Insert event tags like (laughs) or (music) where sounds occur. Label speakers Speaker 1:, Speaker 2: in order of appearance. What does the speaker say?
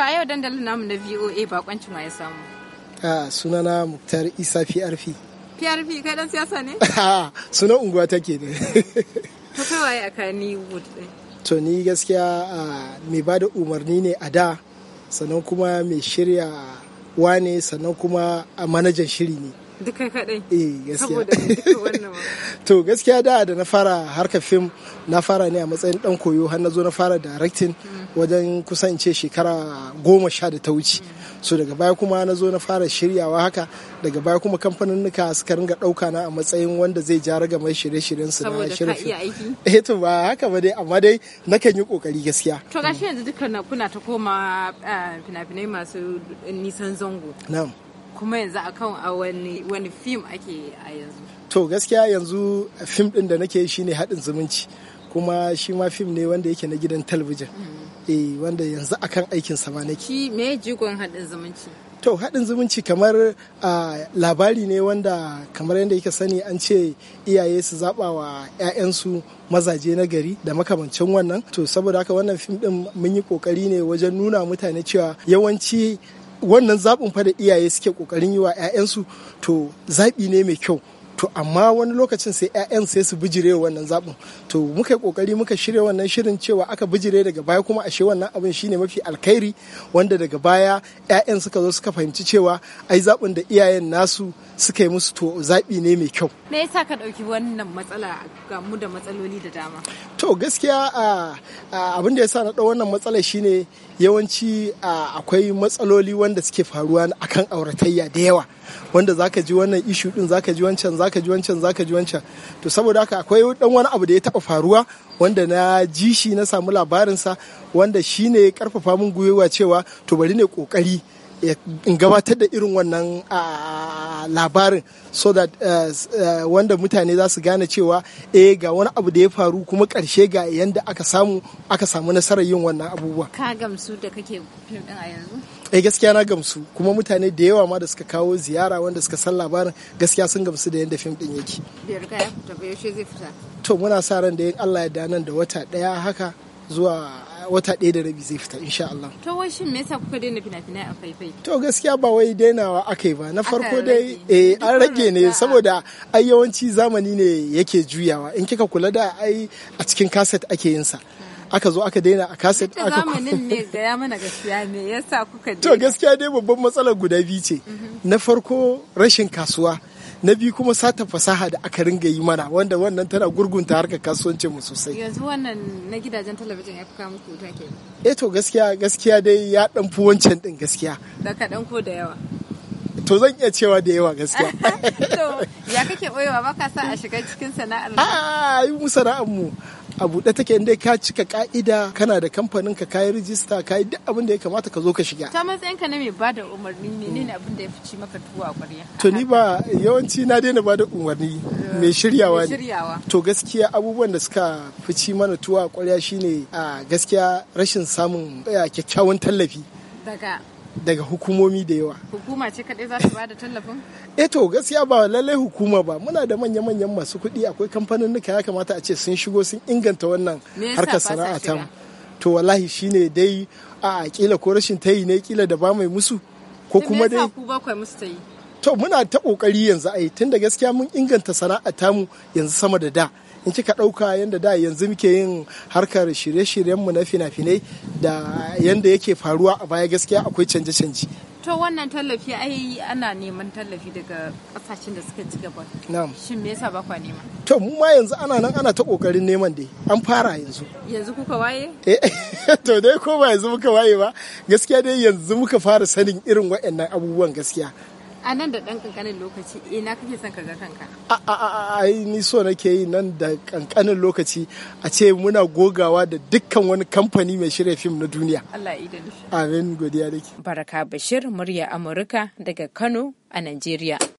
Speaker 1: To a yau dandalin namu na VOA bakwanci ma ya samu. A ah, sunana Muktar Isa PRP. PRP kai dan siyasa ne? (laughs) Ah, sunan unguwa take ne. (laughs) To kai waye a kani wood To ni gaskiya ah, mai da umarni ne a da sannan kuma mai shirya wane sannan kuma a manajan shiri ne. duka kaɗai. eh gaskiya (laughs) to gaskiya da da na fara harkar fim na fara ne a matsayin dan koyo har na zo na fara directing wajen kusan ce shekara goma sha da ta wuce so daga baya kuma na zo na fara shiryawa haka daga baya kuma kamfanin nuka suka ringa ɗauka na a matsayin wanda zai ja raga mai shirye-shiryen su na iya aiki. eh to ba haka ba dai amma dai nakan yi kokari gaskiya to gashi yanzu dukkan kuna ta koma eh, fina-finai masu nisan zango na'am kuma yanzu a wani wani fim ake a yanzu to gaskiya yanzu fim ɗin da nake shine haɗin zumunci kuma shi ma fim ne wanda yake na gidan talbijin mm-hmm. eh wanda yanzu akan aikin sama ma nake shi me jigon haɗin zumunci to haɗin zumunci kamar labari ne wanda kamar yadda yake sani an ce iyaye su zaɓa wa 'ya'yansu mazaje na gari da makamancin wannan to saboda haka wannan fim ɗin mun yi ƙoƙari ne wajen nuna mutane cewa yawanci wannan zaɓin fa da iyaye suke ƙoƙarin yi wa 'ya'yansu to zaɓi ne mai kyau to amma wani lokacin sai 'ya'yan sai su bijire wannan zaɓin to muka yi ƙoƙari muka shirya wannan shirin cewa aka bijire daga baya kuma ashe wannan abin shine mafi alkhairi wanda daga baya 'ya'yan suka zo suka fahimci cewa ai zaɓin da iyayen nasu suka yi musu to zaɓi ne mai kyau. Me yasa ka ɗauki wannan matsala ga mu da matsaloli da dama? To gaskiya abin da yasa na ɗau wannan matsala shine yawanci akwai matsaloli wanda suke faruwa akan auratayya da yawa. wanda zaka ji wannan ishu din zaka ji wancan zaka ji wancan zaka ji wancan to saboda haka akwai dan wani abu da ya taba faruwa wanda na ji shi na samu labarin sa wanda shine ya karfafa min gwiwa cewa to bari ne kokari ya gabatar da irin wannan labarin so that eh, eh, wanda mutane za su gane cewa eh ga wani abu da ya faru kuma karshe ga yanda aka samu aka samu nasarar yin wannan abubuwa ka gamsu da kake fim din a yanzu eh gaskiya na gamsu kuma mutane da yawa ma da suka kawo ziyara wanda suka san labarin gaskiya sun gamsu da yadda fim din yake zai to muna sa ran da Allah ya da nan da wata daya haka zuwa wata ɗaya da rabi zai fita insha Allah. To wai shin me yasa kuka daina fina-finai a faifai? To gaskiya ba wai dainawa aka yi ba. Na farko dai eh an rage ne saboda ai yawanci zamani ne yake juyawa. In kika kula da ai a cikin kaset ake yin sa. Hmm. aka zo aka daina a kaset aka zamanin ne (laughs) gaya mana gaskiya ne yasa kuka daina to gaskiya dai babban matsalar guda biyu ce mm-hmm. na farko rashin kasuwa na biyu kuma sata fasaha da aka ringa yi mana wanda wannan tana gurgunta harkar kasuwancin mu sosai yanzu wannan na gidajen talabijin ya fuka muku wuta ke eh to gaskiya gaskiya dai ya dan fi wancan din gaskiya da kaɗan ko da yawa to zan iya cewa da yawa gaskiya (laughs) to ya kake boyewa baka sa a shiga cikin sana'ar a yi mu sana'ar mu a buɗe take inda ka cika ka'ida kana da kamfanin ka kayi rijista kayi duk abin da ya kamata ka zo ka shiga ta matsayin ka na mai bada umarni ne, ne abin da ya fice maka tuwa ƙwarya to ni ba yawanci na daina bada umarni mai shiryawa ne to gaskiya abubuwan da suka ci mana tuwo a ƙwarya shine a gaskiya rashin samun eh, kyakkyawan tallafi daga hukumomi da yawa. Hukuma ce kaɗai za ta bada tallafin? Eh to gaskiya ba lallai hukuma ba muna da manya-manyan masu kuɗi akwai kamfanin ya kamata a ce sun shigo sun inganta wannan harkar sana'a ta To wallahi shine dai a kila ko rashin yi ne kila da ba mai musu ko kuma dai. ku ba musu yi? To muna ta kokari yanzu tun da gaskiya mun inganta sana'a tamu yanzu sama da da. in kika ɗauka yadda da yanzu muke yin harkar shirye-shiryenmu na fina-finai da yadda yake faruwa a baya gaskiya akwai canje-canje to wannan tallafi ai ana neman tallafi daga kasashen da suka ci gaba na'am shin me yasa ba kwa nema to mu ma yanzu ana nan ana ta kokarin neman dai an fara yanzu yanzu kuka waye eh (laughs) to dai ko ba yanzu muka waye ba gaskiya dai yanzu muka fara sanin irin waɗannan abubuwan gaskiya a nan da ɗan ƙanƙanin lokaci ina kake son ka ga kanka a ni so nake yi nan da ƙanƙanin lokaci a ce muna gogawa da dukkan wani kamfani mai shirya fim na duniya Allah ya amin godiya ke baraka bashir murya amurka daga kano a najeriya